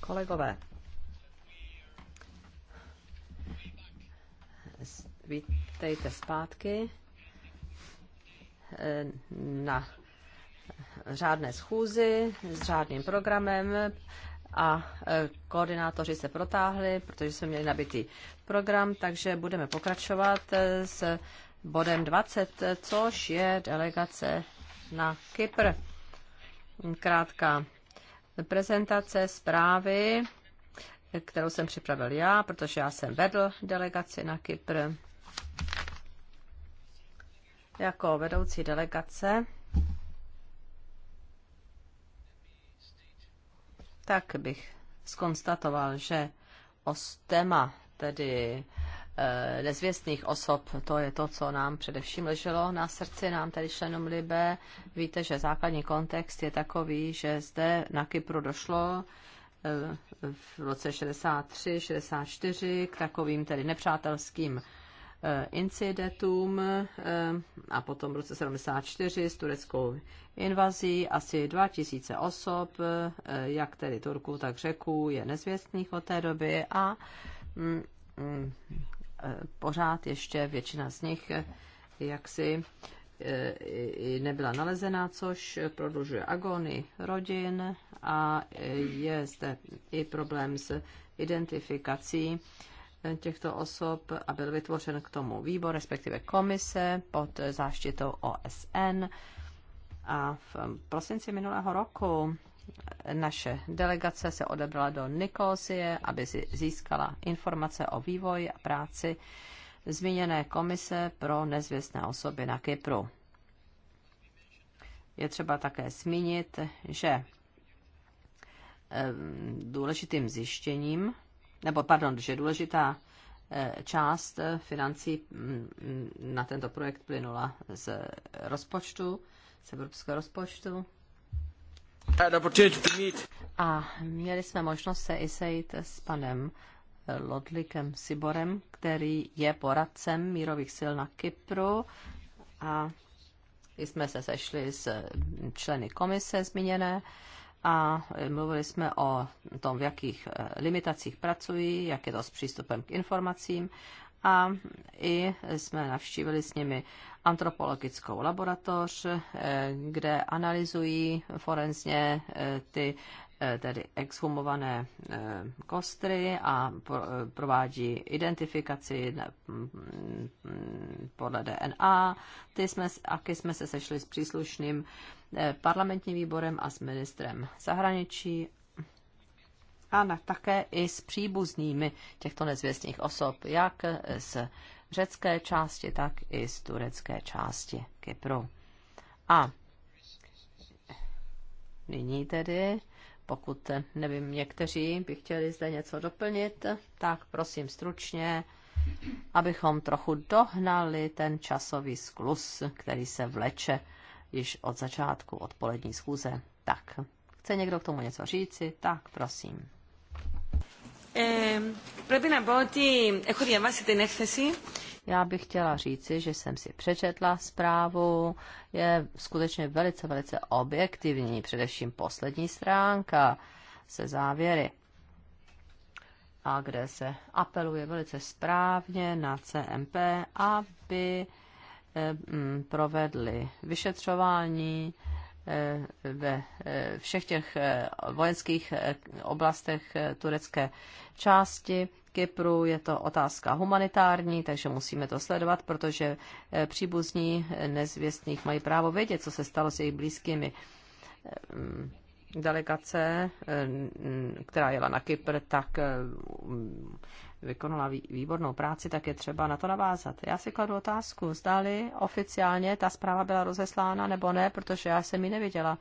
Kolegové, vítejte zpátky eh, na řádné schůzi s řádným programem a eh, koordinátoři se protáhli, protože jsme měli nabitý program, takže budeme pokračovat eh, s bodem 20, což je delegace na Kypr. Krátká prezentace zprávy, kterou jsem připravil já, protože já jsem vedl delegaci na Kypr jako vedoucí delegace. Tak bych skonstatoval, že o téma, tedy Eh, nezvěstných osob. To je to, co nám především leželo na srdci, nám tady členům Libe. Víte, že základní kontext je takový, že zde na Kypru došlo eh, v roce 63, 64 k takovým tedy nepřátelským eh, incidentům a potom v roce 74 s tureckou invazí asi 2000 osob, jak tedy Turků, tak Řeků, je nezvěstných od té doby a mm, mm, Eh, pořád ještě většina z nich eh, jaksi eh, nebyla nalezena, což prodlužuje agony rodin a je zde i problém s identifikací těchto osob a byl vytvořen k tomu výbor, respektive komise pod záštitou OSN. A v prosinci minulého roku naše delegace se odebrala do Nikosie, aby získala informace o vývoji a práci zmíněné komise pro nezvěstné osoby na Kypru. Je třeba také zmínit, že důležitým zjištěním, nebo pardon, že důležitá e, část financí mm, na tento projekt plynula z rozpočtu, z evropského rozpočtu, a měli jsme možnost se i sejít s panem Lodlikem Siborem, který je poradcem mírových sil na Kypru a jsme se sešli s členy komise zmíněné a mluvili jsme o tom, v jakých limitacích pracují, jak je to s přístupem k informacím a i jsme navštívili s nimi antropologickou laboratoř, eh, kde analyzují forenzně eh, ty eh, tedy exhumované kostry a provádí identifikaci podle DNA. Ty jsme, aky jsme se sešli s příslušným parlamentním výborem a s ministrem zahraničí a na, také i s příbuznými těchto nezvěstných osob, jak z řecké části, tak i z turecké části Kypru. A nyní tedy, pokud nevím, někteří by chtěli zde něco doplnit, tak prosím stručně, abychom trochu dohnali ten časový sklus, který se vleče již od začátku odpolední schůze. Tak, chce někdo k tomu něco říci? Tak, prosím. Ε, eh, πρέπει να πω ότι έχω διαβάσει την έκθεση. Já bych chtěla říci, že jsem si přečetla zprávu, je skutečně velice, velice objektivní, především poslední stránka se závěry, a kde se apeluje velice správně na CMP, aby eh, provedli vyšetřování Eh, ve eh, všech těch eh, vojenských oblastech turecké části Kypru. Je to otázka humanitární, takže musíme to sledovat, protože příbuzní nezvěstných mají právo vědět, co se stalo s jejich blízkými. Delegace, která jela na Kypr, tak vykonala výbornou práci, tak je třeba na to navázat. Já si kladu otázku, zdali oficiálně ta zpráva byla rozeslána nebo ne, protože já jsem ji neviděla.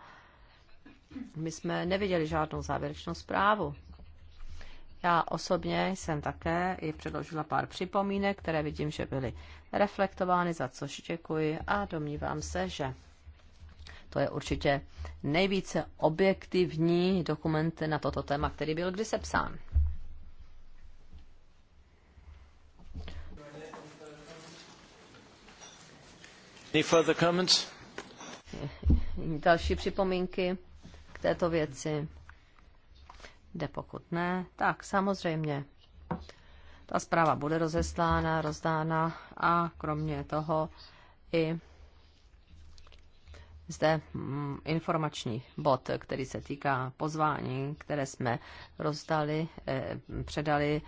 My jsme neviděli žádnou závěrečnou zprávu. Já osobně jsem také i předložila pár připomínek, které vidím, že byly reflektovány, za což děkuji a domnívám se, že to je určitě nejvíce objektivní dokument na toto téma, který byl kdy sepsán. Další připomínky k této věci? Jde pokud ne, tak samozřejmě. Ta zpráva bude rozeslána, rozdána a kromě toho i zde mm, informační bod, který se týká pozvání, které jsme rozdali, eh, předali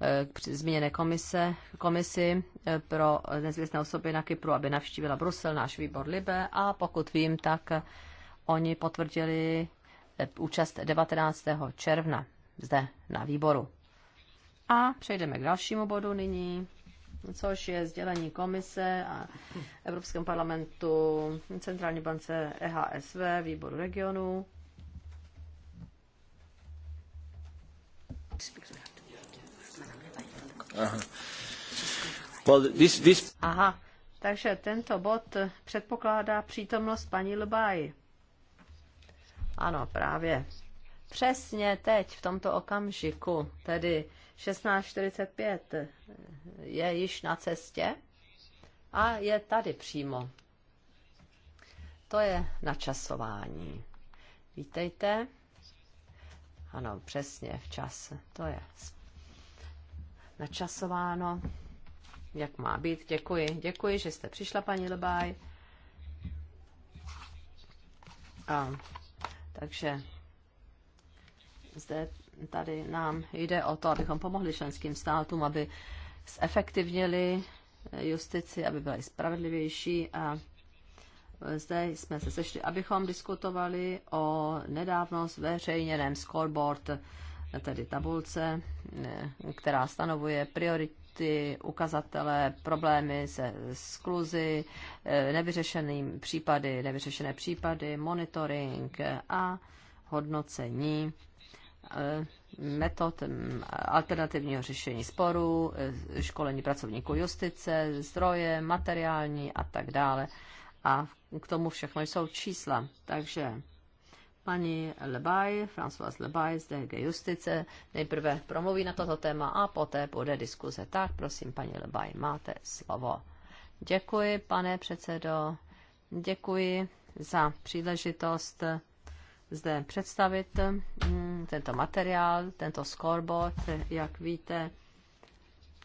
Eh, k zmíněné komise, komisi eh, pro nezvěstné osoby na Kypru, aby navštívila Brusel, náš výbor Libe a pokud vím, tak oni potvrdili eh, účast 19. června zde na výboru. A přejdeme k dalšímu bodu nyní, což je sdělení komise a Evropském parlamentu, Centrální bance EHSV, výboru regionu. Speak Aha. Well, this, this... Aha, takže tento bod předpokládá přítomnost paní Lbaj. Ano, právě. Přesně teď, v tomto okamžiku, tedy 16.45, je již na cestě a je tady přímo. To je načasování. Vítejte. Ano, přesně, včas. To je správně načasováno, jak má být. Děkuji, děkuji, že jste přišla, paní Lebaj. A, takže zde tady nám jde o to, abychom pomohli členským státům, aby zefektivnili justici, aby byla i spravedlivější a zde jsme se sešli, abychom diskutovali o nedávno zveřejněném scoreboard tedy tabulce, eh, která stanovuje priority, ukazatele, problémy se skluzy, eh, nevyřešeným případy, nevyřešené případy, monitoring a hodnocení eh, metod mm, alternativního řešení sporů, školení pracovníků justice, zdroje, materiální a tak dále. A k tomu všechno jsou čísla. Takže Paní Lebaj, François Lebaj z DG Justice, nejprve promluví na toto téma a poté bude diskuze. Tak prosím, paní Lebaj, máte slovo. Děkuji, pane předsedo. Děkuji za příležitost zde představit mm, tento materiál, tento scoreboard. Jak víte,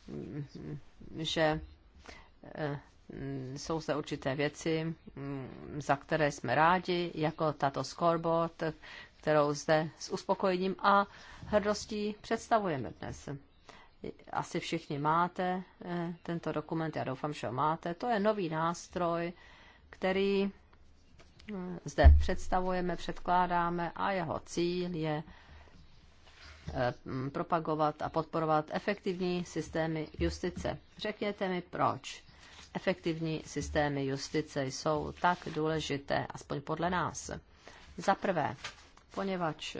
mm, že eh, Mm, jsou zde určité věci, mm, za které jsme rádi, jako tato scoreboard, kterou zde s uspokojením a hrdostí představujeme dnes. Asi všichni máte eh, tento dokument, já doufám, že ho máte. To je nový nástroj, který eh, zde představujeme, předkládáme a jeho cíl je eh, propagovat a podporovat efektivní systémy justice. Řekněte mi proč. Efektivní systémy justice jsou tak důležité, aspoň podle nás. Za prvé, poněvadž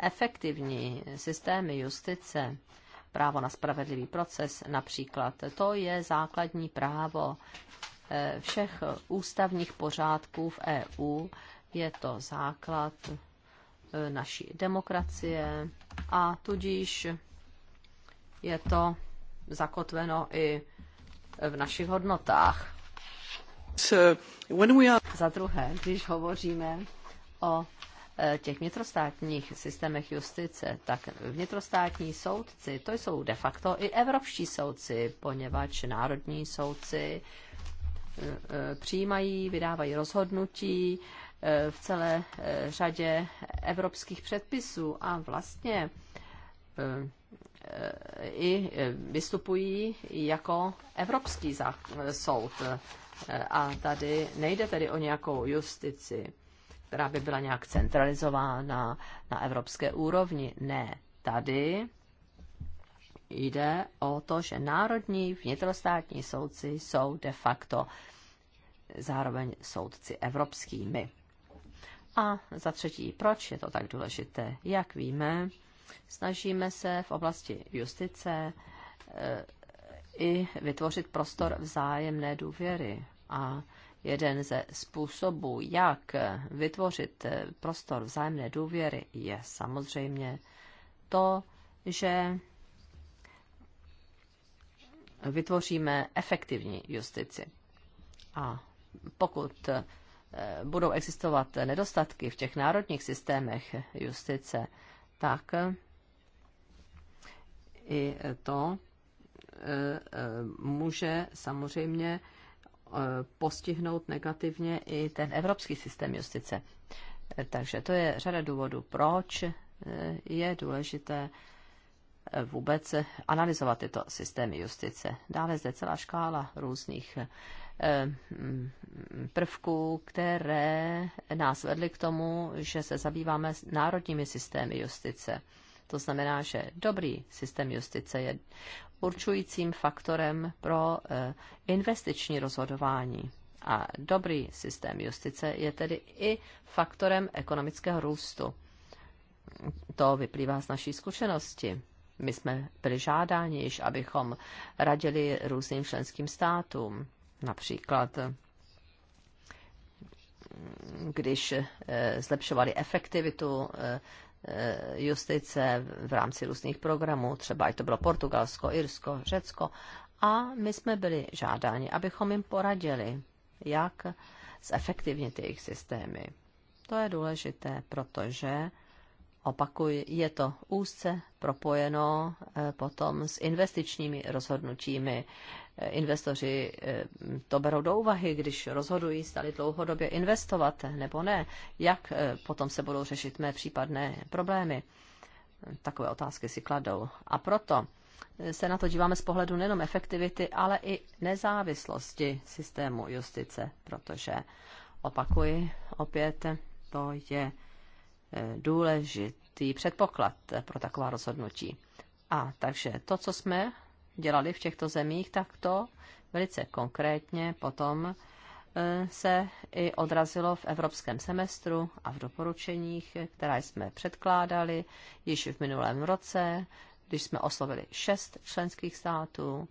efektivní systémy justice, právo na spravedlivý proces například, to je základní právo eh, všech ústavních pořádků v EU, je to základ eh, naší demokracie a tudíž je to zakotveno i v našich hodnotách. Za druhé, když hovoříme o e, těch vnitrostátních systémech justice, tak vnitrostátní soudci, to jsou de facto i evropští soudci, poněvadž národní soudci e, e, přijímají, vydávají rozhodnutí v celé řadě evropských předpisů a vlastně i vystupují jako Evropský soud. A tady nejde tedy o nějakou justici, která by byla nějak centralizována na evropské úrovni. Ne, tady jde o to, že národní vnitrostátní soudci jsou de facto zároveň soudci evropskými. A za třetí, proč je to tak důležité? Jak víme, Snažíme se v oblasti justice eh, i vytvořit prostor vzájemné důvěry. A jeden ze způsobů, jak vytvořit eh, prostor vzájemné důvěry, je samozřejmě to, že vytvoříme efektivní justici. A pokud eh, budou existovat nedostatky v těch národních systémech justice, tak i to e, e, může samozřejmě e, postihnout negativně i ten evropský systém justice. Takže to je řada důvodů, proč je důležité vůbec analyzovat tyto systémy justice. Dále zde celá škála různých Eh, mm, prvků, které nás vedly k tomu, že se zabýváme národními systémy justice. To znamená, že dobrý systém justice je určujícím faktorem pro eh, investiční rozhodování. A dobrý systém justice je tedy i faktorem ekonomického růstu. To vyplývá z naší zkušenosti. My jsme byli žádáni již, abychom radili různým členským státům Například když eh, zlepšovali efektivitu eh, eh, justice v rámci různých programů, třeba i to bylo Portugalsko, Irsko, Řecko, a my jsme byli žádáni, abychom jim poradili, jak zefektivnit jejich systémy. To je důležité, protože opakuji, je to úzce propojeno eh, potom s investičními rozhodnutími. Eh, investoři eh, to berou do úvahy, když rozhodují, stali dlouhodobě investovat nebo ne, jak potom se budou řešit mé případné problémy. Takové otázky si kladou. A proto se na to díváme z pohledu nejenom efektivity, ale i nezávislosti systému justice, protože opakuji opět, to je Eh, důležitý předpoklad pro taková rozhodnutí. A takže to, co jsme dělali v těchto zemích, tak to velice konkrétně potom eh, se i odrazilo v evropském semestru a v doporučeních, která jsme předkládali již v minulém roce, když jsme oslovili šest členských států,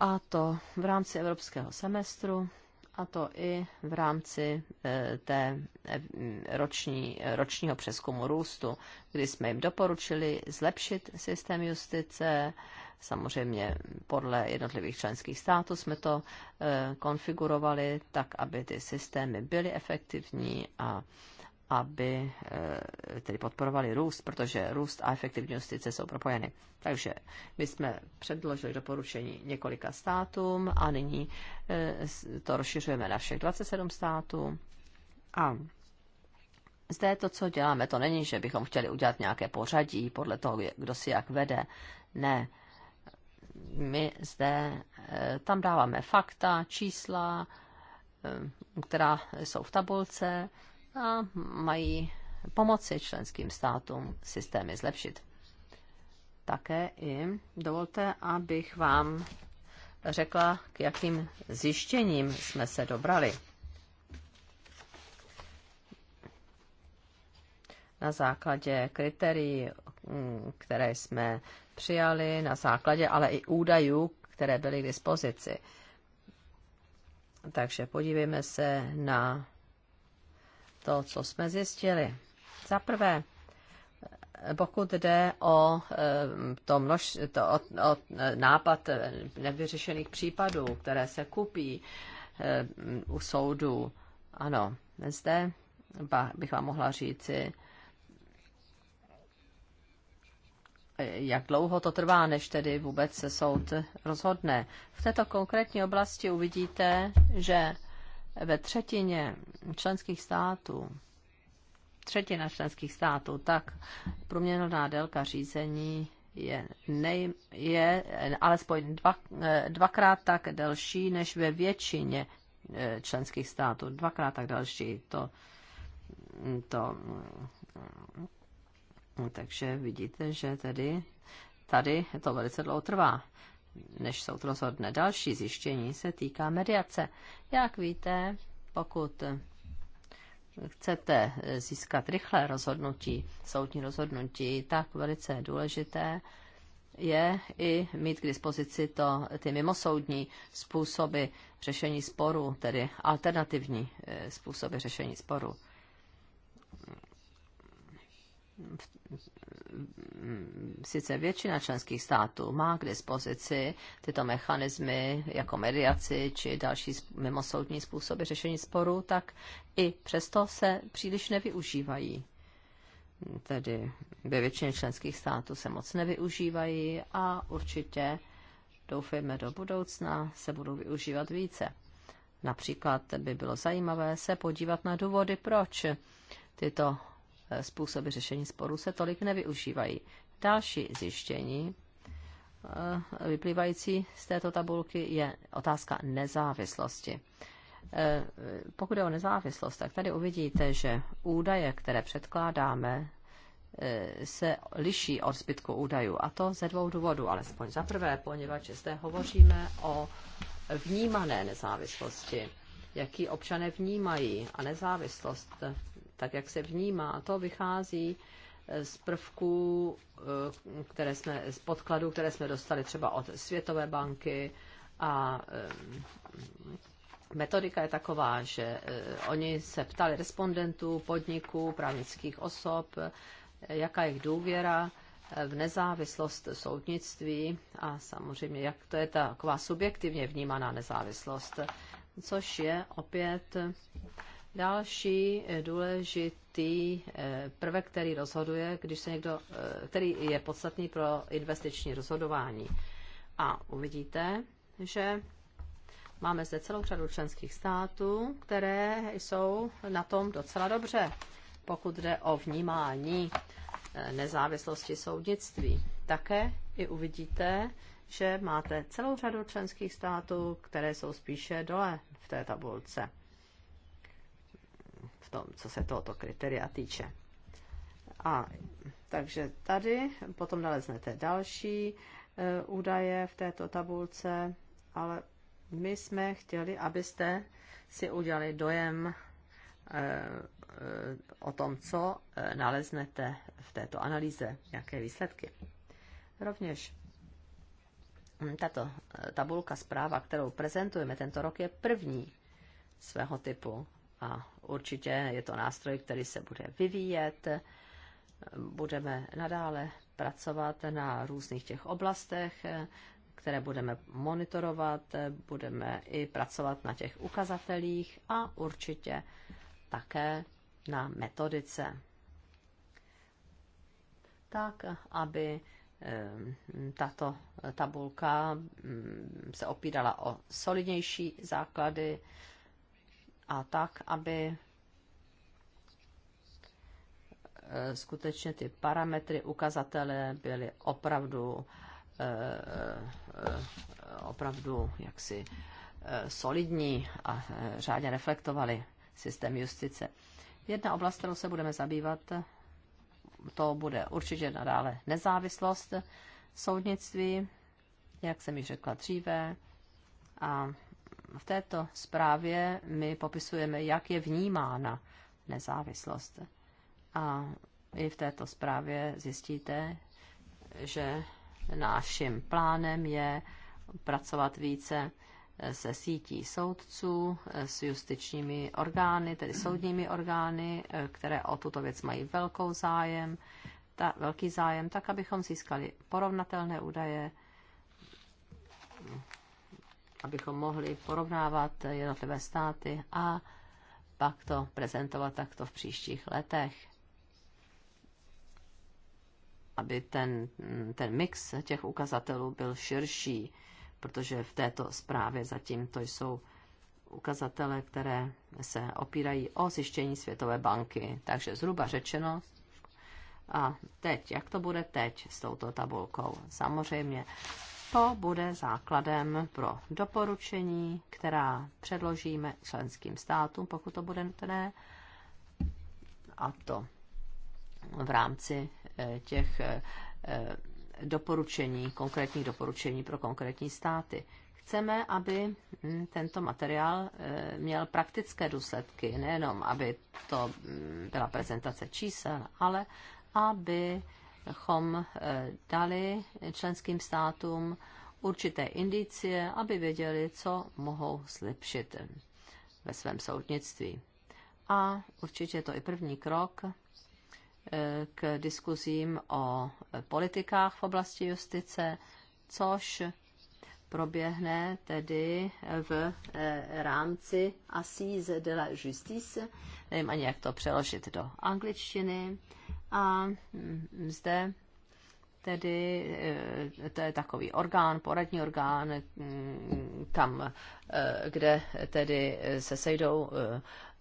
a to v rámci evropského semestru a to i v rámci eh, té eh, roční, ročního přeskumu růstu, kdy jsme jim doporučili zlepšit systém justice, samozřejmě podle jednotlivých členských států jsme to eh, konfigurovali tak, aby ty systémy byly efektivní a aby eh, tedy podporovali růst, protože růst a efektivní justice jsou propojeny. Takže my jsme předložili doporučení několika státům a nyní eh, to rozšiřujeme na všech 27 států. A zde to, co děláme, to není, že bychom chtěli udělat nějaké pořadí podle toho, kdo si jak vede. Ne. My zde eh, tam dáváme fakta, čísla, která jsou v tabulce, a mají pomoci členským státům systémy zlepšit. Také i dovolte, abych vám řekla, k jakým zjištěním jsme se dobrali. Na základě kritérií, které jsme přijali, na základě ale i údajů, které byly k dispozici. Takže podívejme se na to, co jsme zjistili. Za prvé, pokud jde o, eh, to množ, to, o, o nápad nevyřešených případů, které se kupí eh, u soudu, ano, zde bych vám mohla říci, jak dlouho to trvá, než tedy vůbec se soud rozhodne. V této konkrétní oblasti uvidíte, že ve třetině členských států, třetina členských států, tak průměrná délka řízení je, nej, je alespoň dva, eh, dvakrát tak delší než ve většině eh, členských států. Dvakrát tak delší. To, to, mm, takže vidíte, že tedy tady to velice dlouho trvá než soud rozhodne. Další zjištění se týká mediace. Jak víte, pokud chcete získat rychlé rozhodnutí, soudní rozhodnutí, tak velice důležité je i mít k dispozici to, ty mimosoudní způsoby řešení sporu, tedy alternativní eh, způsoby řešení sporu sice většina členských států má k dispozici tyto mechanismy jako mediaci či další mimosoudní způsoby řešení sporů, tak i přesto se příliš nevyužívají. Tedy ve většině členských států se moc nevyužívají a určitě doufejme do budoucna se budou využívat více. Například by bylo zajímavé se podívat na důvody, proč tyto Eh, způsoby řešení sporů se tolik nevyužívají. Další zjištění eh, vyplývající z této tabulky je otázka nezávislosti. Eh, pokud je o nezávislost, tak tady uvidíte, že údaje, které předkládáme, se liší od zbytku údajů. A to ze dvou důvodů, alespoň za prvé, poněvadž zde hovoříme o vnímané nezávislosti, jaký občané vnímají a nezávislost tak jak se vnímá. To vychází eh, z prvků, eh, které jsme, z podkladů, které jsme dostali třeba od Světové banky a eh, metodika je taková, že oni se ptali respondentů, podniků, právnických osob, jaká je důvěra v nezávislost soudnictví a samozřejmě, jak to je taková subjektivně vnímaná nezávislost, což je opět Další eh, důležitý eh, prvek, který rozhoduje, když se někdo, eh, který je podstatný pro investiční rozhodování. A uvidíte, že máme zde celou řadu členských států, které jsou na tom docela dobře, pokud jde o vnímání nezávislosti soudnictví. Také i uvidíte, že máte celou řadu členských států, které jsou spíše dole v té tabulce tom, co se tohoto kritéria týče. A takže tady potom naleznete další e, údaje v této tabulce, ale my jsme chtěli, abyste si udělali dojem e, e, o tom, co e, naleznete v této analýze, jaké výsledky. Rovněž tato e, tabulka zpráva, kterou prezentujeme tento rok, je první svého typu a určitě je to nástroj, který se bude vyvíjet. Budeme nadále pracovat na různých těch oblastech, které budeme monitorovat, budeme i pracovat na těch ukazatelích a určitě také na metodice. Tak, aby tato tabulka se opírala o solidnější základy, a tak, aby eh, skutečně ty parametry, ukazatele byly opravdu eh, eh, opravdu jaksi solidní a řádně reflektovaly systém justice. Jedna oblast, kterou se budeme zabývat, to bude určitě nadále nezávislost soudnictví, jak jsem již řekla dříve, a v této zprávě my popisujeme, jak je vnímána nezávislost. A i v této zprávě zjistíte, že naším plánem je pracovat více se sítí soudců, s justičními orgány, tedy soudními orgány, které o tuto věc mají velkou zájem, ta, velký zájem, tak abychom získali porovnatelné údaje abychom mohli porovnávat jednotlivé státy a pak to prezentovat takto v příštích letech. Aby ten, ten mix těch ukazatelů byl širší, protože v této zprávě zatím to jsou ukazatele, které se opírají o zjištění Světové banky. Takže zhruba řečeno, a teď, jak to bude teď s touto tabulkou? Samozřejmě to bude základem pro doporučení, která předložíme členským státům, pokud to bude nutné, a to v rámci eh, těch eh, eh, doporučení, konkrétních doporučení pro konkrétní státy. Chceme, aby hm, tento materiál měl praktické důsledky, nejenom aby to hm, byla prezentace čísel, ale aby bychom eh, dali členským státům určité indicie, aby věděli, co mohou zlepšit ve svém soudnictví. A určitě je to i první krok eh, k diskuzím o politikách v oblasti justice, což proběhne tedy v eh, rámci Assise de la Justice, nevím ani, jak to přeložit do angličtiny, a hm, zde tedy eh, to je takový orgán, poradní orgán, hm, kam, eh, kde tedy se sejdou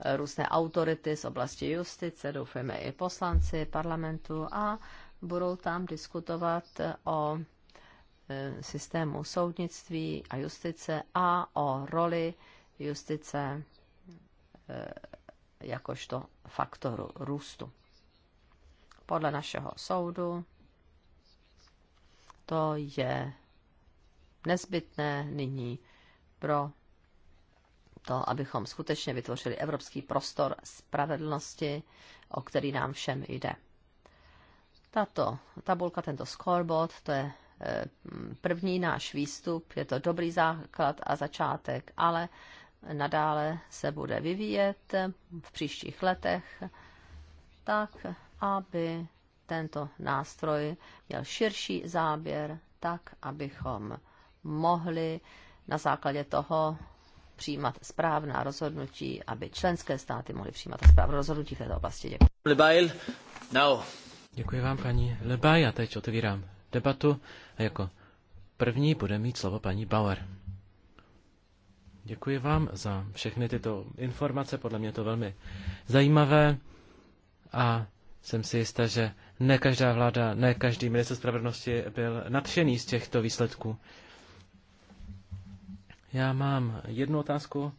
eh, různé autority z oblasti justice, doufejme i poslanci parlamentu a budou tam diskutovat o systému soudnictví a justice a o roli justice jakožto faktoru růstu. Podle našeho soudu to je nezbytné nyní pro to, abychom skutečně vytvořili evropský prostor spravedlnosti, o který nám všem jde. Tato tabulka, tento scoreboard, to je eh, první náš výstup, je to dobrý základ a začátek, ale nadále se bude vyvíjet v příštích letech tak, aby tento nástroj měl širší záběr, tak abychom mohli na základě toho přijímat správná rozhodnutí, aby členské státy mohly přijímat správná rozhodnutí v této oblasti. Děkuji. Lebail, now. Děkuji vám, paní Lebaj. Já teď otevírám debatu a jako první bude mít slovo paní Bauer. Děkuji vám za všechny tyto informace, podle mě to velmi zajímavé a jsem si jistá, že ne každá vláda, ne každý minister spravedlnosti byl nadšený z těchto výsledků. Já mám jednu otázku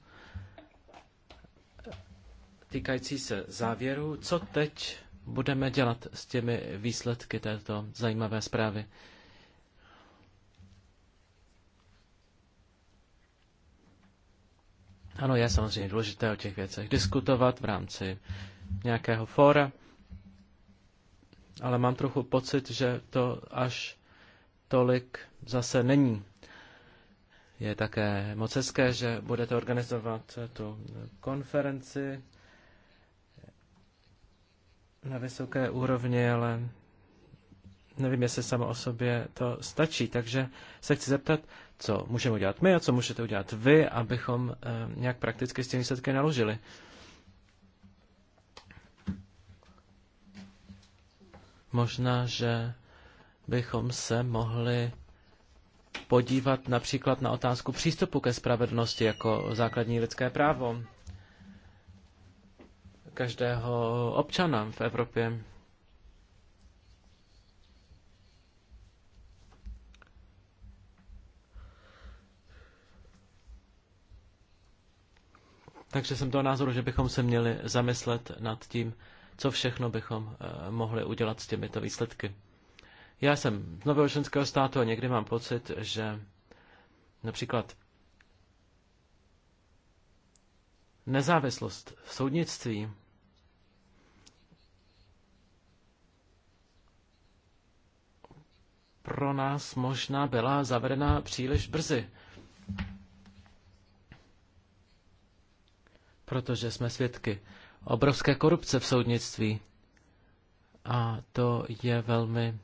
týkající se závěru. Co teď budeme dělat s těmi výsledky této zajímavé zprávy? Ano, je samozřejmě důležité o těch věcech diskutovat v rámci nějakého fóra ale mám trochu pocit, že to až tolik zase není. Je také moc hezké, že budete organizovat tu konferenci na vysoké úrovni, ale nevím, jestli samo o sobě to stačí. Takže se chci zeptat, co můžeme udělat my a co můžete udělat vy, abychom eh, nějak prakticky s tím výsledky naložili. Možná, že bychom se mohli podívat například na otázku přístupu ke spravedlnosti jako základní lidské právo každého občana v Evropě. Takže jsem toho názoru, že bychom se měli zamyslet nad tím, co všechno bychom eh, mohli udělat s těmito výsledky. Já jsem z nového členského státu a někdy mám pocit, že například nezávislost v soudnictví pro nás možná byla zavedena příliš brzy. Protože jsme svědky obrovské korupce v soudnictví. A to je velmi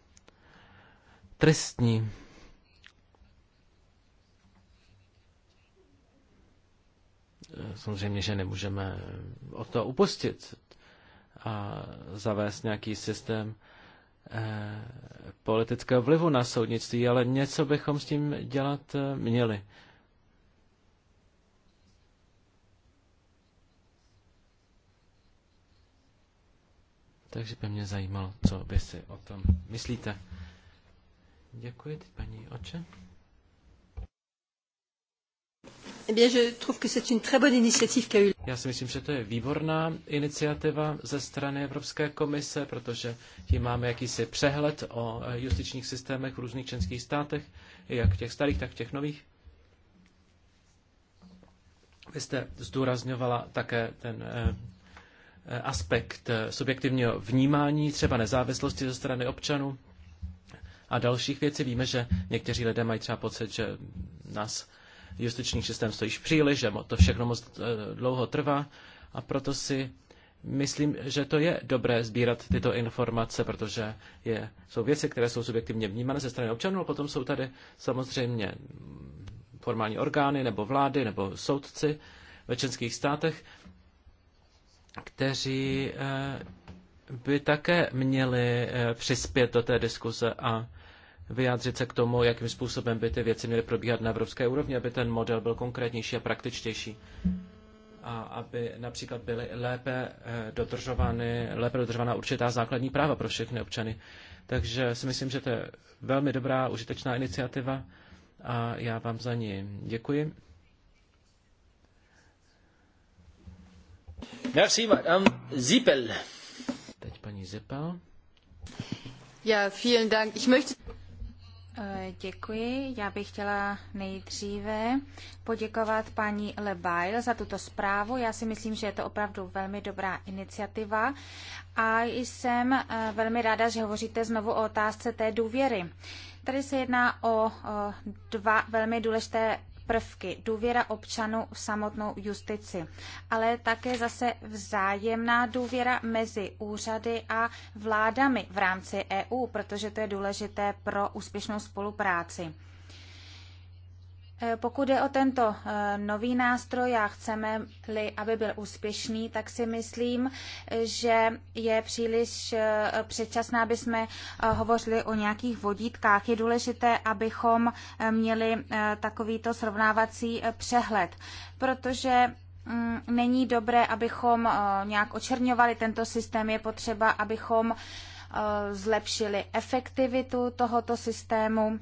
tristní. Samozřejmě, že nemůžeme o to upustit a zavést nějaký systém eh, politického vlivu na soudnictví, ale něco bychom s tím dělat eh, měli. Takže by mě zajímalo, co vy si o tom myslíte. Děkuji, paní Oče. Eh Já si myslím, že to je výborná iniciativa ze strany Evropské komise, protože tím máme jakýsi přehled o eh, justičních systémech v různých členských státech, jak těch starých, tak těch nových. Vy jste zdůrazňovala také ten eh, Eh, aspekt eh, subjektivního vnímání, třeba nezávislosti ze strany občanů a dalších věcí. Víme, že někteří lidé mají třeba pocit, že nás justiční systém stojí příliš, že to všechno moc eh, dlouho trvá a proto si myslím, že to je dobré sbírat tyto informace, protože je, jsou věci, které jsou subjektivně vnímané ze strany občanů, a potom jsou tady samozřejmě formální orgány nebo vlády nebo soudci ve členských státech kteří eh, by také měli eh, přispět do té diskuze a vyjádřit se k tomu, jakým způsobem by ty věci měly probíhat na evropské úrovni, aby ten model byl konkrétnější a praktičtější. A aby například byly lépe eh, dodržovány, lépe dodržována určitá základní práva pro všechny občany. Takže si myslím, že to je velmi dobrá, užitečná iniciativa a já vám za ní děkuji. Merci, madame Zippel. Teď paní Zippel. Ja, vielen Dank. Ich möchte... Eh, děkuji. Já bych chtěla nejdříve poděkovat paní Lebail za tuto zprávu. Já si myslím, že je to opravdu velmi dobrá iniciativa a jsem eh, velmi ráda, že hovoříte znovu o otázce té důvěry. Tady se jedná o eh, dva velmi důležité prvky. Důvěra občanů v samotnou justici, ale také zase vzájemná důvěra mezi úřady a vládami v rámci EU, protože to je důležité pro úspěšnou spolupráci. Eh, pokud je o tento eh, nový nástroj a chceme-li, aby byl úspěšný, tak si myslím, že je příliš eh, předčasné, aby jsme hovořili o nějakých vodítkách. Je důležité, abychom měli takovýto srovnávací přehled, protože mm, není dobré, abychom nějak očerňovali tento systém. Je potřeba, abychom zlepšili efektivitu tohoto systému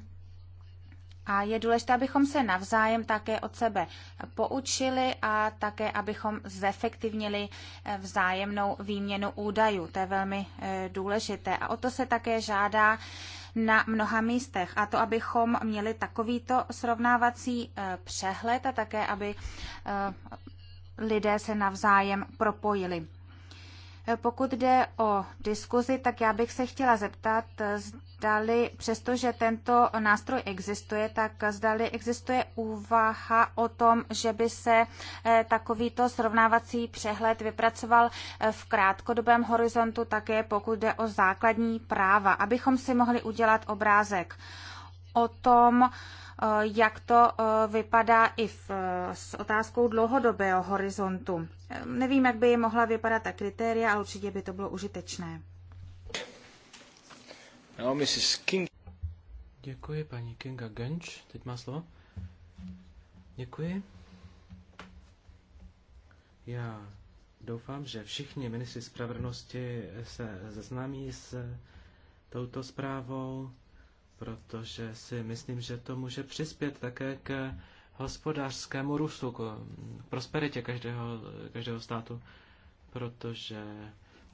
a je důležité, abychom se navzájem také od sebe poučili a také, abychom zefektivnili eh, vzájemnou výměnu údajů. To je velmi eh, důležité. A o to se také žádá na mnoha místech. A to, abychom měli takovýto srovnávací eh, přehled a také, aby lidé se navzájem propojili. Pokud jde o diskuzi, tak já bych se chtěla zeptat, zdali, přestože tento nástroj existuje, tak zdali existuje úvaha o tom, že by se eh, takovýto srovnávací přehled vypracoval eh, v krátkodobém horizontu také, pokud jde o základní práva, abychom si mohli udělat obrázek o tom, eh, jak to vypadá i v, s otázkou dlouhodobého horizontu. Nevím, jak by mohla vypadat ta kritéria, ale určitě by to bylo užitečné. No, Mrs. King. Děkuji, paní Kinga Genč. Teď má slovo. Děkuji. Já doufám, že všichni ministři spravedlnosti se seznámí s touto zprávou, protože si myslím, že to může přispět také k hospodářskému růstu, k prosperitě každého, každého státu, protože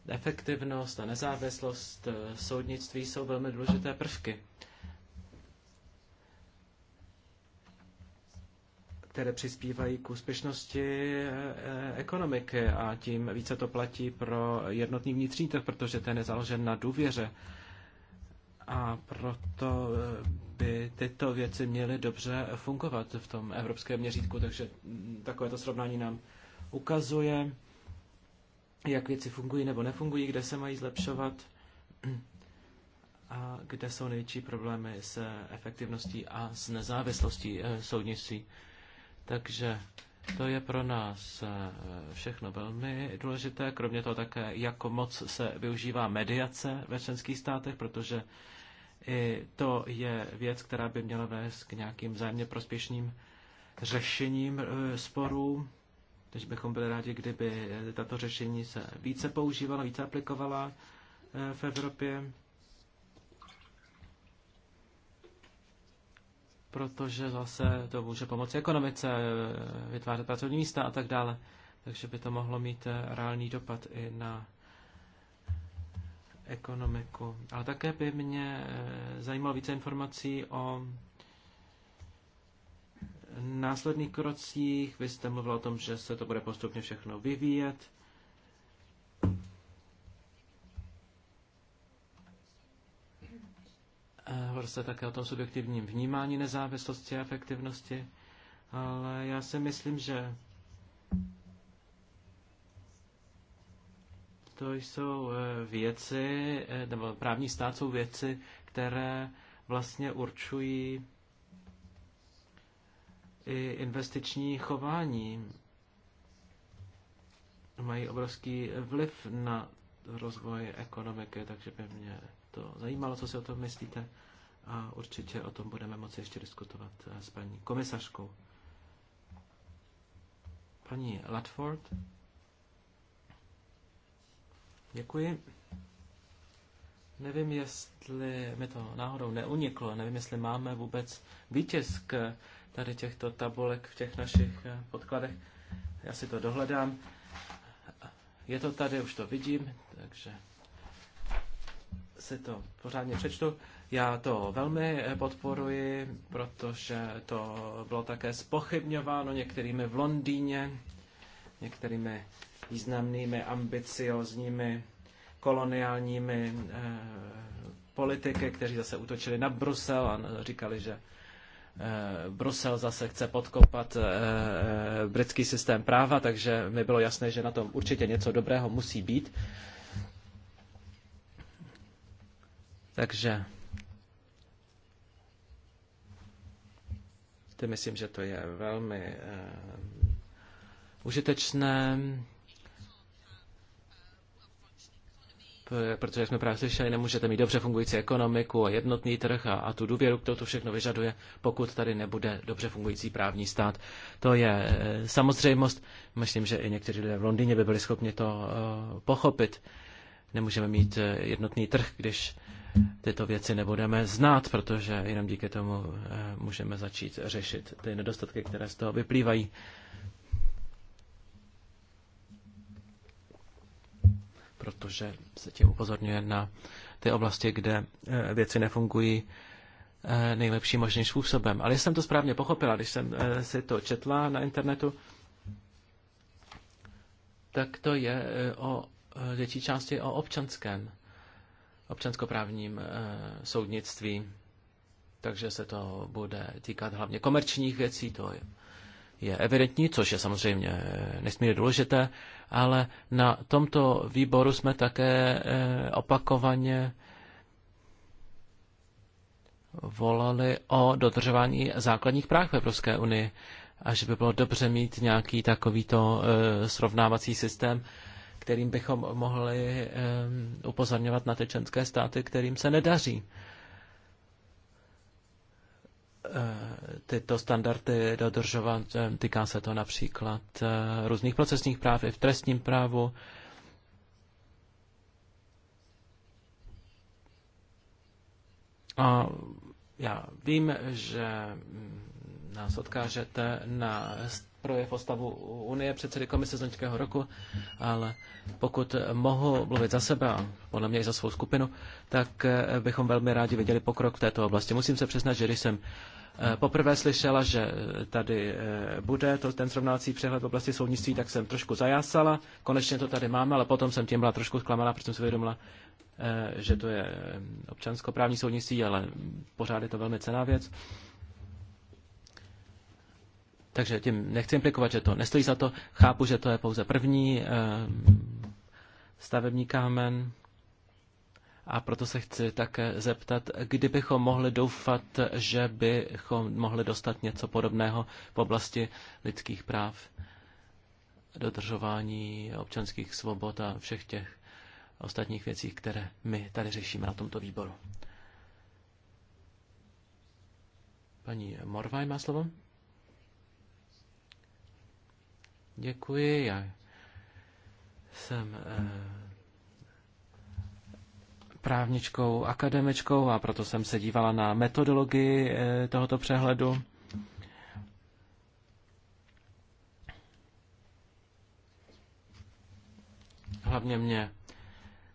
efektivnost a nezávislost eh, soudnictví jsou velmi důležité prvky, které přispívají k úspěšnosti eh, eh, ekonomiky a tím více to platí pro jednotný vnitřní trh, protože ten je založen na důvěře. A proto by tyto věci měly dobře fungovat v tom evropském měřítku, takže mm, takovéto srovnání nám ukazuje jak věci fungují nebo nefungují, kde se mají zlepšovat a kde jsou největší problémy s efektivností a s nezávislostí eh, soudnictví. Takže to je pro nás eh, všechno velmi důležité, kromě toho také, jako moc se využívá mediace ve členských státech, protože i to je věc, která by měla vést k nějakým vzájemně prospěšným řešením eh, sporů takže bychom byli rádi, kdyby tato řešení se více používala, více aplikovala eh, v Evropě. protože zase to může pomoci ekonomice, vytvářet pracovní místa a tak dále. Takže by to mohlo mít eh, reálný dopad i na ekonomiku. Ale také by mě eh, zajímalo více informací o následných krocích. Vy jste mluvil o tom, že se to bude postupně všechno vyvíjet. Hovoří se také o tom subjektivním vnímání nezávislosti a efektivnosti, ale já si myslím, že to jsou eh, věci, eh, nebo právní stát jsou věci, které vlastně určují i investiční chování mají obrovský vliv na rozvoj ekonomiky, takže by mě to zajímalo, co si o tom myslíte a určitě o tom budeme moci ještě diskutovat eh, s paní komisařkou. Paní Latford. Děkuji. Nevím, jestli mi to náhodou neuniklo, nevím, jestli máme vůbec výtisk tady těchto tabulek v těch našich eh, podkladech. Já si to dohledám. Je to tady, už to vidím, takže si to pořádně přečtu. Já to velmi eh, podporuji, protože to bylo také spochybňováno některými v Londýně, některými významnými, ambiciozními, koloniálními eh, politiky, kteří zase útočili na Brusel a říkali, že Eh, Brusel zase chce podkopat eh, eh, britský systém práva, takže mi bylo jasné, že na tom určitě něco dobrého musí být. Takže ty myslím, že to je velmi užitečné. Eh, protože jsme právě slyšeli, nemůžete mít dobře fungující ekonomiku a jednotný trh a, a tu důvěru, kterou to všechno vyžaduje, pokud tady nebude dobře fungující právní stát. To je eh, samozřejmost. Myslím, že i někteří lidé v Londýně by byli schopni to eh, pochopit. Nemůžeme mít jednotný trh, když tyto věci nebudeme znát, protože jenom díky tomu můžeme začít řešit ty nedostatky, které z toho vyplývají. protože se tě upozorňuje na ty oblasti, kde eh, věci nefungují eh, nejlepším možným způsobem. Ale jsem to správně pochopila, když jsem eh, si to četla na internetu, tak to je o větší části o občanském, občanskoprávním soudnictví. Takže se to bude týkat hlavně komerčních věcí, to je je evidentní, což je samozřejmě eh, nesmírně důležité, ale na tomto výboru jsme také eh, opakovaně volali o dodržování základních práv v Evropské unii a že by bylo dobře mít nějaký takovýto eh, srovnávací systém, kterým bychom mohli upozorňovat na ty členské státy, kterým se nedaří Eh, tyto standardy dodržovat. Eh, Týká se to například eh, různých procesních práv i v trestním právu. A já vím, že nás odkážete na projev o stavu Unie předsedy komise z loňského roku, ale pokud mohu mluvit za sebe a podle mě i za svou skupinu, tak bychom velmi rádi viděli pokrok v této oblasti. Musím se přiznat, že když jsem Eh, poprvé slyšela, že eh, tady eh, bude to, ten srovnávací přehled v oblasti soudnictví, tak jsem trošku zajásala. Konečně to tady máme, ale potom jsem tím byla trošku zklamaná, protože jsem si uvědomila, že to je občanskoprávní soudnictví, ale pořád je to velmi cená věc. Takže tím nechci implikovat, že to nestojí za to. Chápu, že to je pouze první stavební kámen. A proto se chci také zeptat, kdybychom mohli doufat, že bychom mohli dostat něco podobného v oblasti lidských práv, dodržování občanských svobod a všech těch ostatních věcí, které my tady řešíme na tomto výboru. Paní Morvaj má slovo. Děkuji, já jsem eh, právničkou, akademičkou a proto jsem se dívala na metodologii eh, tohoto přehledu. Hlavně mě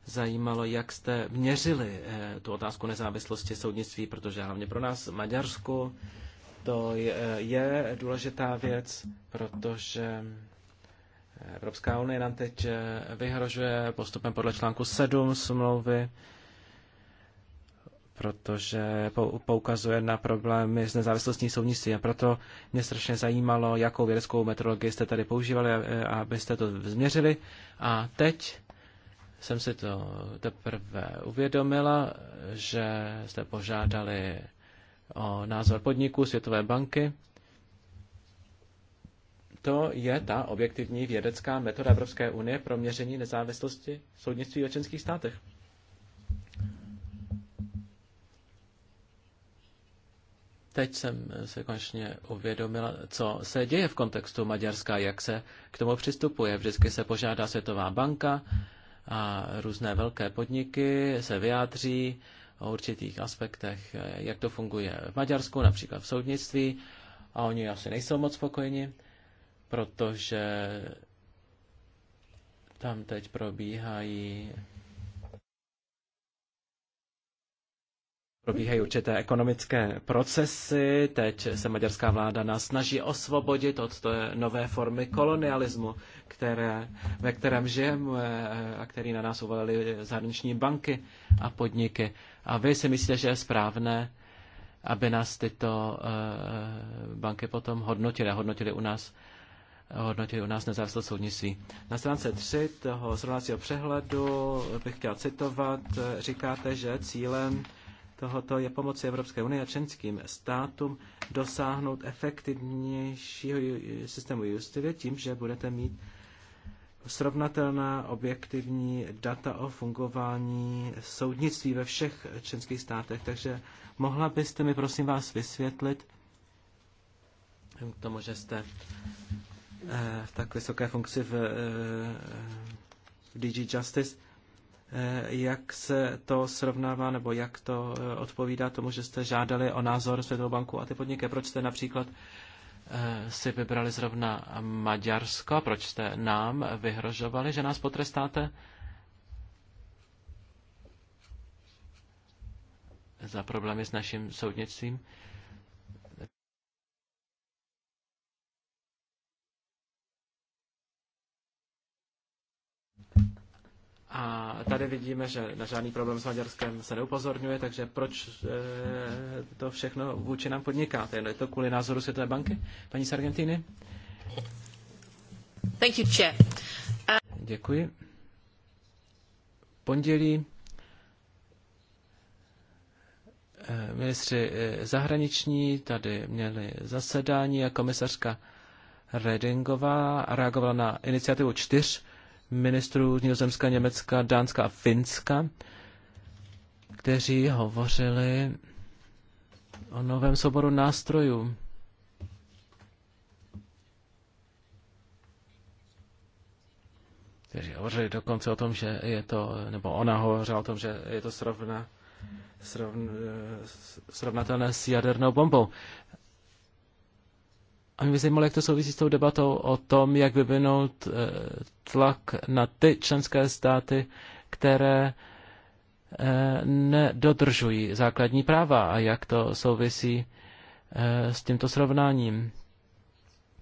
zajímalo, jak jste měřili eh, tu otázku nezávislosti soudnictví, protože hlavně pro nás v Maďarsku to je důležitá věc, protože Evropská unie nám teď eh, vyhrožuje postupem podle článku 7 smlouvy, protože poukazuje na problémy s nezávislostní soudnictví. A proto mě strašně zajímalo, jakou vědeckou metodologii jste tady používali, eh, abyste to změřili. A teď jsem si to teprve uvědomila, že jste požádali o názor podniku Světové banky to je ta objektivní vědecká metoda Evropské unie pro měření nezávislosti soudnictví ve členských státech. Teď jsem se konečně uvědomila, co se děje v kontextu Maďarska, jak se k tomu přistupuje. Vždycky se požádá Světová banka a různé velké podniky se vyjádří o určitých aspektech, jak to funguje v Maďarsku, například v soudnictví, a oni asi nejsou moc spokojeni protože tam teď probíhají Probíhají určité ekonomické procesy, teď se maďarská vláda nás snaží osvobodit od té nové formy kolonialismu, které, ve kterém žijeme a který na nás uvalili zahraniční banky a podniky. A vy si myslíte, že je správné, aby nás tyto eh, banky potom hodnotily a hodnotily u nás hodnotili u nás nezávislé soudnictví. Na stránce 3 toho srovnacího přehledu bych chtěl citovat, říkáte, že cílem tohoto je pomoci Evropské unie a členským státům dosáhnout efektivnějšího systému justice tím, že budete mít srovnatelná objektivní data o fungování soudnictví ve všech členských státech. Takže mohla byste mi prosím vás vysvětlit, k tomu, že jste Eh, v tak vysoké funkci v, eh, v DG Justice. Eh, jak se to srovnává, nebo jak to odpovídá tomu, že jste žádali o názor Světovou banku a ty podniky? Proč jste například si vybrali zrovna Maďarsko? Proč jste nám vyhrožovali, že nás potrestáte? za problémy s naším soudnictvím. A tady vidíme, že na žádný problém s Maďarskem se neupozorňuje, takže proč e, to všechno vůči nám podnikáte? Je to kvůli názoru Světové banky? Paní z Argentíny? Thank you, chair. Uh... Děkuji. Pondělí eh, ministři eh, zahraniční tady měli zasedání a komisařka Redingová reagovala na iniciativu čtyř ministrů z Nizozemska, Německa, Dánska a Finska, kteří hovořili o novém souboru nástrojů. Kteří hovořili dokonce o tom, že je to, nebo ona hovořila o tom, že je to srovna, srovn, eh, srovnatelné s jadernou bombou. A mě by zajímalo, jak to souvisí s tou debatou o tom, jak vyvinout eh, tlak na ty členské státy, které eh, nedodržují základní práva a jak to souvisí eh, s tímto srovnáním.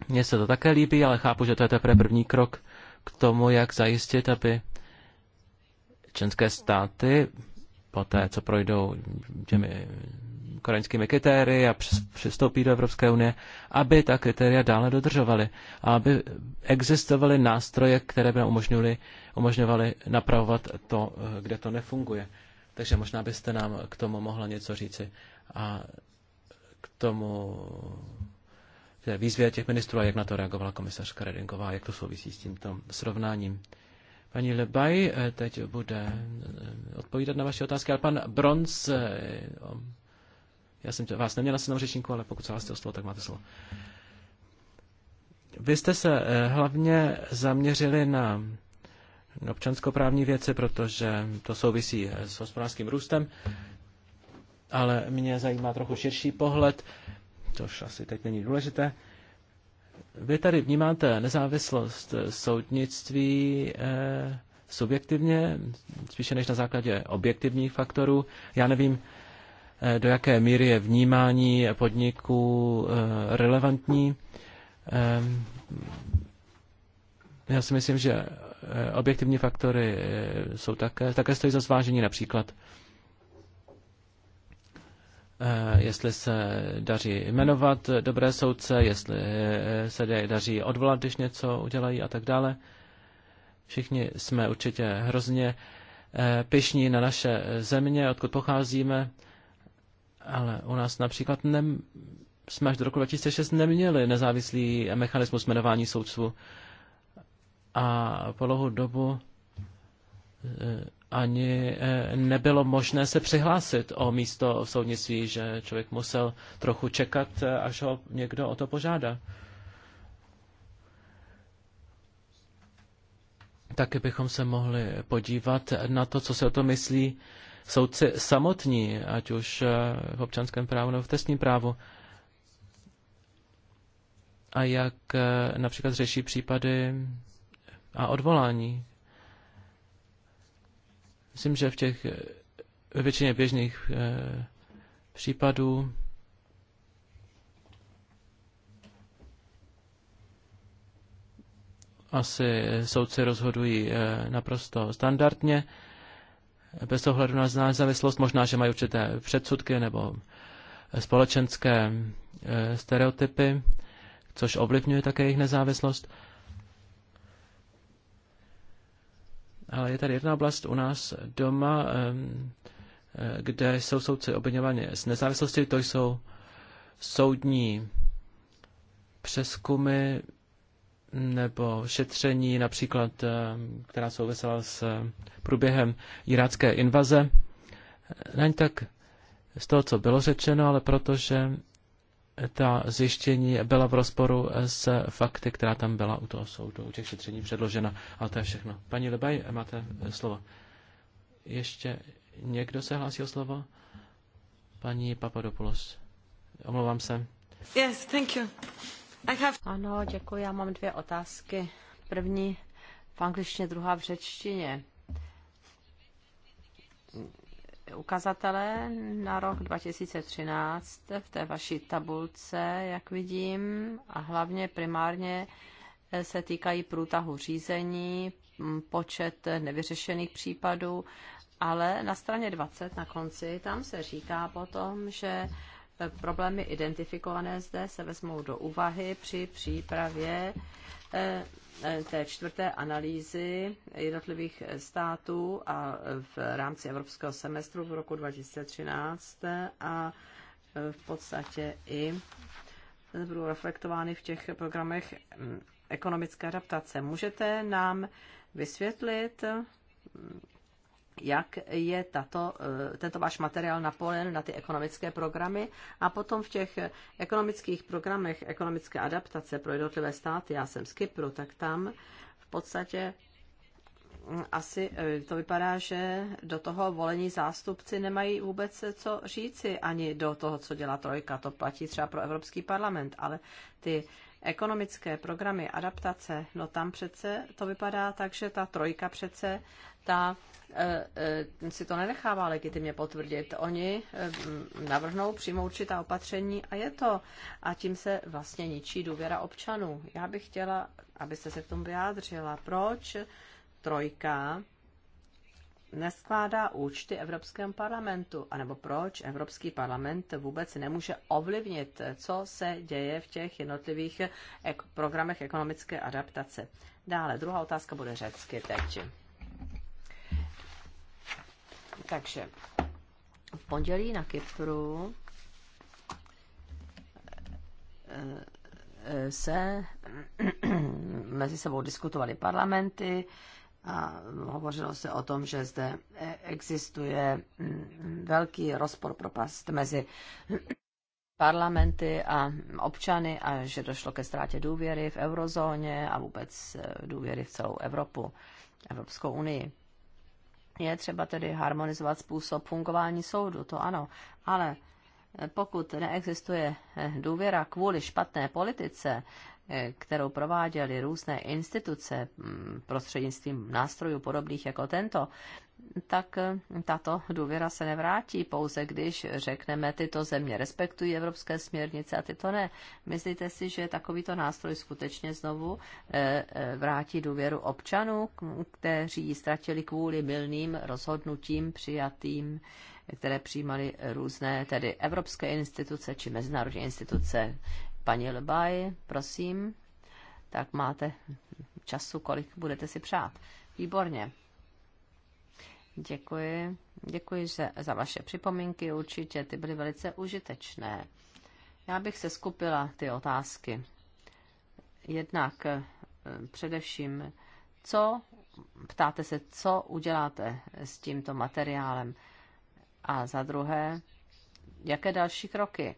Mně se to také líbí, ale chápu, že to je teprve první krok k tomu, jak zajistit, aby členské státy poté, co projdou těmi koreňskými kritérii a přistoupí do Evropské unie, aby ta kritéria dále dodržovaly a aby existovaly nástroje, které by umožňovaly, umožňovaly napravovat to, kde to nefunguje. Takže možná byste nám k tomu mohla něco říci a k tomu výzvě těch ministrů a jak na to reagovala komisařka Redingová, jak to souvisí s tímto srovnáním. Paní Lebaj eh, teď bude eh, odpovídat na vaše otázky, ale pan Bronz, eh, já jsem vás neměl na svém řečníku, ale pokud se vás o slovo, tak máte slovo. Vy jste se hlavně zaměřili na občanskoprávní věci, protože to souvisí s hospodářským růstem, ale mě zajímá trochu širší pohled, což asi teď není důležité. Vy tady vnímáte nezávislost soudnictví eh, subjektivně, spíše než na základě objektivních faktorů. Já nevím, eh, do jaké míry je vnímání podniků eh, relevantní. Eh, já si myslím, že eh, objektivní faktory eh, jsou také, také stojí za zvážení například Eh, jestli se daří jmenovat dobré soudce, jestli eh, se daří odvolat, když něco udělají a tak dále. Všichni jsme určitě hrozně eh, pyšní na naše země, odkud pocházíme, ale u nás například ne, jsme až do roku 2006 neměli nezávislý mechanismus jmenování soudců a po dlouhou dobu ani eh, nebylo možné se přihlásit o místo v soudnictví, že člověk musel trochu čekat, eh, až ho někdo o to požádá. Taky bychom se mohli podívat na to, co se o to myslí soudci samotní, ať už eh, v občanském právu nebo v testním právu. A jak například řeší případy a odvolání Myslím, že v těch ve většině běžných e, případů asi soudci rozhodují e, naprosto standardně, bez ohledu na nezávislost, možná, že mají určité předsudky nebo eh, společenské e, stereotypy, což ovlivňuje také jejich nezávislost. Ale je tady jedna oblast u nás doma, eh, kde jsou soudci obviněváni z nezávislosti, to jsou soudní přeskumy nebo šetření, například, která souvisela s průběhem irácké invaze. Eh, Není tak z toho, co bylo řečeno, ale protože ta zjištění byla v rozporu s fakty, která tam byla u toho soudu, u těch šetření předložena. a to je všechno. Paní Lebaj, máte slovo. Ještě někdo se hlásí o slovo? Paní Papadopoulos. Omlouvám se. Yes, thank you. I have... Ano, děkuji. Já mám dvě otázky. První v angličtině, druhá v řečtině ukazatele na rok 2013 v té vaší tabulce, jak vidím, a hlavně primárně eh, se týkají průtahu řízení, počet nevyřešených případů, ale na straně 20 na konci tam se říká potom, že eh, problémy identifikované zde se vezmou do úvahy při přípravě Eh, té čtvrté analýzy jednotlivých států a v rámci evropského semestru v roku 2013 a v podstatě i budou reflektovány v těch programech mm, ekonomické adaptace. Můžete nám vysvětlit, jak je tato, eh, tento váš materiál napojen na ty ekonomické programy a potom v těch ekonomických programech ekonomické adaptace pro jednotlivé státy, já jsem z Kypru, tak tam v podstatě hm, asi eh, to vypadá, že do toho volení zástupci nemají vůbec co říci ani do toho, co dělá trojka. To platí třeba pro Evropský parlament, ale ty ekonomické programy adaptace, no tam přece to vypadá tak, že ta trojka přece ta e, e, si to nenechává legitimně potvrdit. Oni e, navrhnou, přímo určitá opatření a je to. A tím se vlastně ničí důvěra občanů. Já bych chtěla, abyste se k tomu vyjádřila, proč trojka neskládá účty Evropskému parlamentu, anebo proč Evropský parlament vůbec nemůže ovlivnit, co se děje v těch jednotlivých ek- programech ekonomické adaptace. Dále, druhá otázka bude řecky teď. Takže v pondělí na Kypru eh, eh, se mezi sebou diskutovali parlamenty, a hovořilo se o tom, že zde existuje mm, velký rozpor, propast mezi parlamenty a občany a že došlo ke ztrátě důvěry v eurozóně a vůbec eh, důvěry v celou Evropu, Evropskou unii. Je třeba tedy harmonizovat způsob fungování soudu, to ano, ale eh, pokud neexistuje eh, důvěra kvůli špatné politice, Eh, kterou prováděly různé instituce mm, prostřednictvím nástrojů podobných jako tento, tak eh, tato důvěra se nevrátí pouze, když řekneme, tyto země respektují evropské směrnice a tyto ne. Myslíte si, že takovýto nástroj skutečně znovu eh, vrátí důvěru občanů, kteří ji ztratili kvůli milným rozhodnutím přijatým, které přijímaly různé, tedy evropské instituce či mezinárodní instituce, Paní Lebaj, prosím, tak máte času, kolik budete si přát. Výborně. Děkuji. Děkuji za, za vaše připomínky, určitě ty byly velice užitečné. Já bych se skupila ty otázky. Jednak eh, především, co, ptáte se, co uděláte s tímto materiálem? A za druhé, jaké další kroky?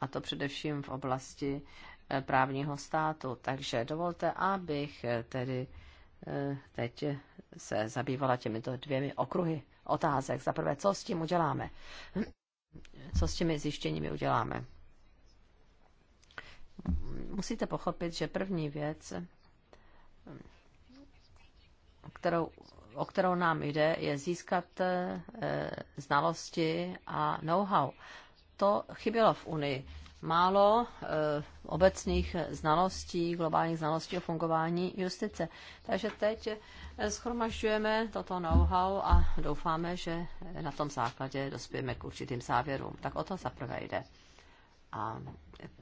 a to především v oblasti eh, právního státu. Takže dovolte, abych eh, tedy eh, teď se zabývala těmito dvěmi okruhy otázek. Za prvé, co s tím uděláme? Co s těmi zjištěními uděláme? Musíte pochopit, že první věc, kterou, o kterou nám jde, je získat znalosti a know-how to chybělo v Unii. Málo e, obecných znalostí, globálních znalostí o fungování justice. Takže teď eh, schromažďujeme toto know-how a doufáme, že na tom základě dospějeme k určitým závěrům. Tak o to zaprvé jde. A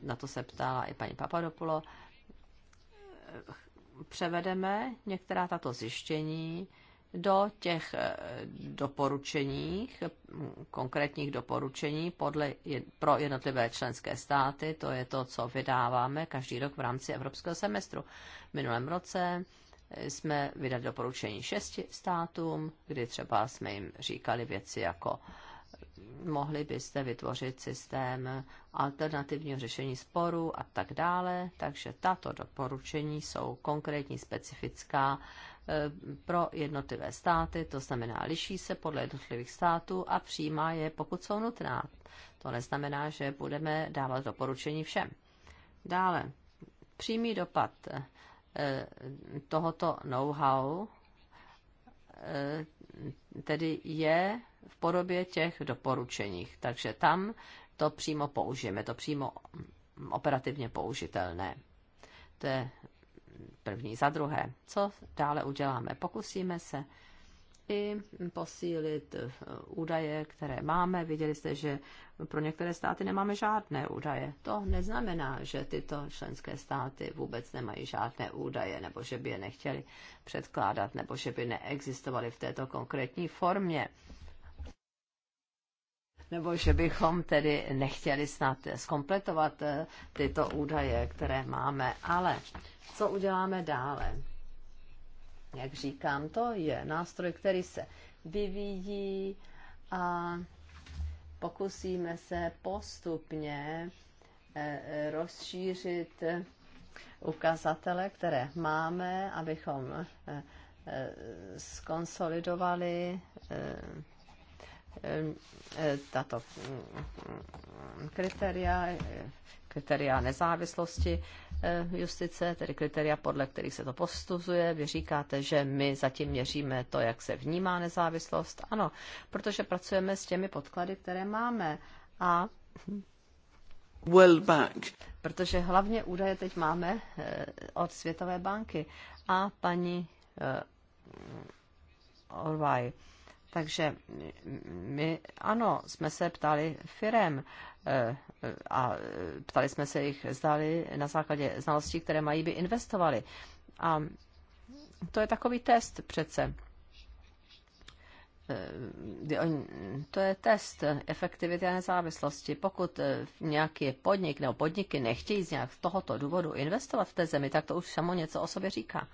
na to se ptala i paní Papadopulo. Eh, převedeme některá tato zjištění do těch eh, doporučeních, konkrétních doporučení podle, pro jednotlivé členské státy, to je to, co vydáváme každý rok v rámci evropského semestru. V minulém roce eh, jsme vydali doporučení šesti státům, kdy třeba jsme jim říkali věci jako mohli byste vytvořit systém alternativního řešení sporů a tak dále. Takže tato doporučení jsou konkrétní, specifická Eh, pro jednotlivé státy, to znamená liší se podle jednotlivých států a přijímá je, pokud jsou nutná. To neznamená, že budeme dávat doporučení všem. Dále, přímý dopad eh, tohoto know-how eh, tedy je v podobě těch doporučeních. Takže tam to přímo použijeme, to přímo operativně použitelné. To je první. Za druhé, co dále uděláme? Pokusíme se i posílit eh, údaje, které máme. Viděli jste, že pro některé státy nemáme žádné údaje. To neznamená, že tyto členské státy vůbec nemají žádné údaje, nebo že by je nechtěli předkládat, nebo že by neexistovaly v této konkrétní formě nebo že bychom tedy nechtěli snad zkompletovat eh, tyto údaje, které máme. Ale co uděláme dále? Jak říkám, to je nástroj, který se vyvíjí a pokusíme se postupně eh, eh, rozšířit ukazatele, které máme, abychom skonsolidovali Eh, tato mm, kritéria, eh, kritéria nezávislosti eh, justice, tedy kritéria, podle kterých se to postuzuje. Vy říkáte, že my zatím měříme to, jak se vnímá nezávislost. Ano, protože pracujeme s těmi podklady, které máme. A well back. Protože hlavně údaje teď máme od Světové banky. A paní Orvaj, takže my, ano, jsme se ptali firem eh, a ptali jsme se jich, zdali na základě znalostí, které mají, by investovali. A to je takový test přece. Eh, to je test efektivity a nezávislosti. Pokud eh, nějaký podnik nebo podniky nechtějí z nějak z tohoto důvodu investovat v té zemi, tak to už samo něco o sobě říká.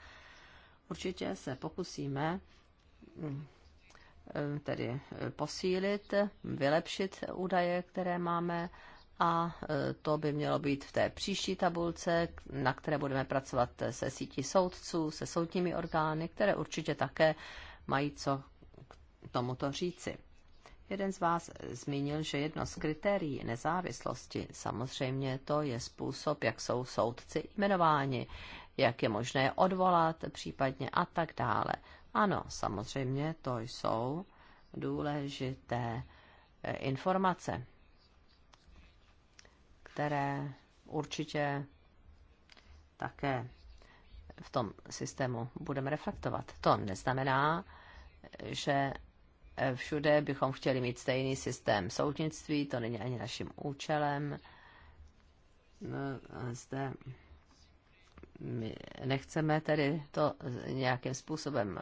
Určitě se pokusíme hm, Eh, tedy eh, posílit, vylepšit údaje, které máme a eh, to by mělo být v té příští tabulce, na které budeme pracovat se sítí soudců, se soudními orgány, které určitě také mají co k tomuto říci. Jeden z vás zmínil, že jedno z kritérií nezávislosti, samozřejmě to je způsob, jak jsou soudci jmenováni, jak je možné odvolat případně a tak dále. Ano, samozřejmě to jsou důležité eh, informace, které určitě také v tom systému budeme reflektovat. To neznamená, že eh, všude bychom chtěli mít stejný systém soudnictví, to není ani naším účelem. No, zde my nechceme tedy to nějakým způsobem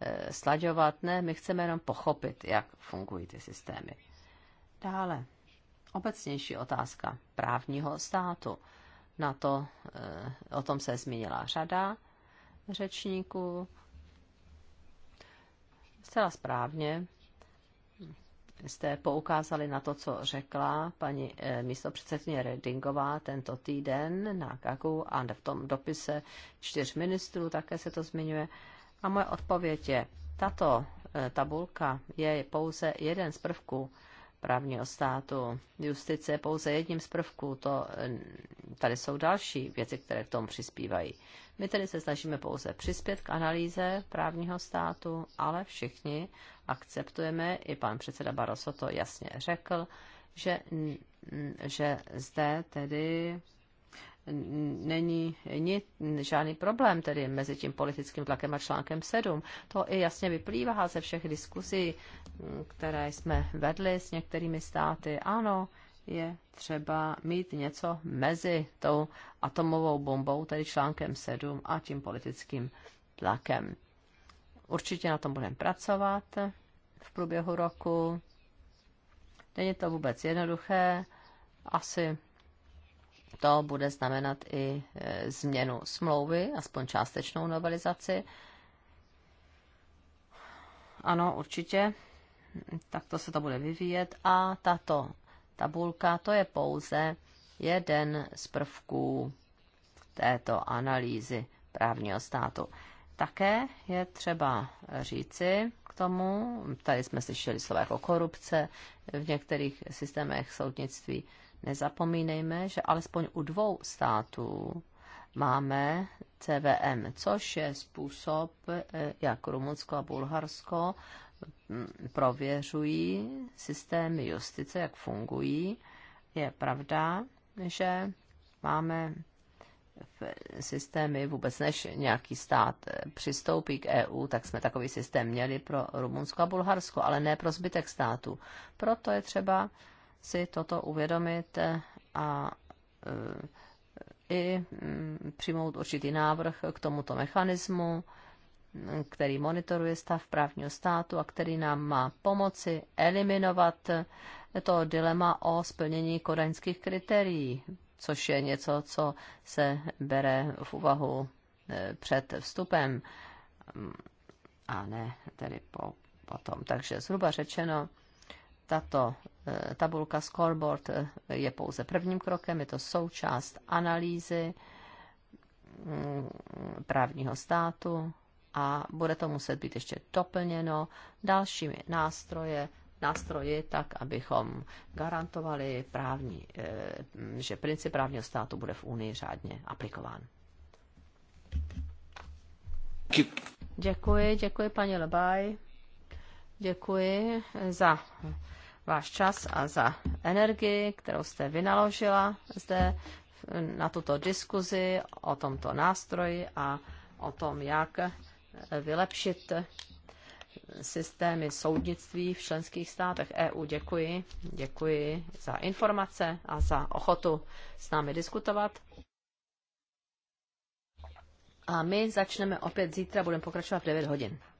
eh, slaďovat, ne, my chceme jenom pochopit, jak fungují ty systémy. Dále, obecnější otázka právního státu. Na to, eh, o tom se zmínila řada řečníků. Zcela správně jste poukázali na to, co řekla paní eh, místopředsedkyně Redingová tento týden na Gagu a v tom dopise čtyř ministrů také se to zmiňuje. A moje odpověď je, tato eh, tabulka je pouze jeden z prvků právního státu. Justice je pouze jedním z prvků, to eh, tady jsou další věci, které k tomu přispívají. My tedy se snažíme pouze přispět k analýze právního státu, ale všichni akceptujeme, i pan předseda Barroso to jasně řekl, že, že zde tedy není ni, žádný problém tedy mezi tím politickým tlakem a článkem 7. To i jasně vyplývá ze všech diskuzí, které jsme vedli s některými státy. Ano, je třeba mít něco mezi tou atomovou bombou, tedy článkem 7 a tím politickým tlakem. Určitě na tom budeme pracovat v průběhu roku. Není to vůbec jednoduché. Asi to bude znamenat i e, změnu smlouvy, aspoň částečnou novelizaci. Ano, určitě. Takto se to bude vyvíjet a tato tabulka, to je pouze jeden z prvků této analýzy právního státu. Také je třeba říci k tomu, tady jsme slyšeli slova jako korupce v některých systémech soudnictví, nezapomínejme, že alespoň u dvou států máme CVM, což je způsob, eh, jak Rumunsko a Bulharsko prověřují systémy justice, jak fungují. Je pravda, že máme v systémy vůbec než nějaký stát přistoupí k EU, tak jsme takový systém měli pro Rumunsko a Bulharsko, ale ne pro zbytek států. Proto je třeba si toto uvědomit a e, i přijmout určitý návrh k tomuto mechanismu, který monitoruje stav právního státu a který nám má pomoci eliminovat to dilema o splnění kodaňských kritérií, což je něco, co se bere v úvahu e, před vstupem mm, a ne tedy po, potom. Takže zhruba řečeno, tato e, tabulka scoreboard e, je pouze prvním krokem, je to součást analýzy mm, právního státu a bude to muset být ještě doplněno dalšími nástroje, nástroji, tak abychom garantovali, právní, eh, že princip právního státu bude v Unii řádně aplikován. Děkuji, děkuji paní Lebaj. Děkuji za váš čas a za energii, kterou jste vynaložila zde na tuto diskuzi o tomto nástroji a o tom, jak vylepšit systémy soudnictví v členských státech EU. Děkuji, děkuji za informace a za ochotu s námi diskutovat. A my začneme opět zítra, budeme pokračovat v 9 hodin.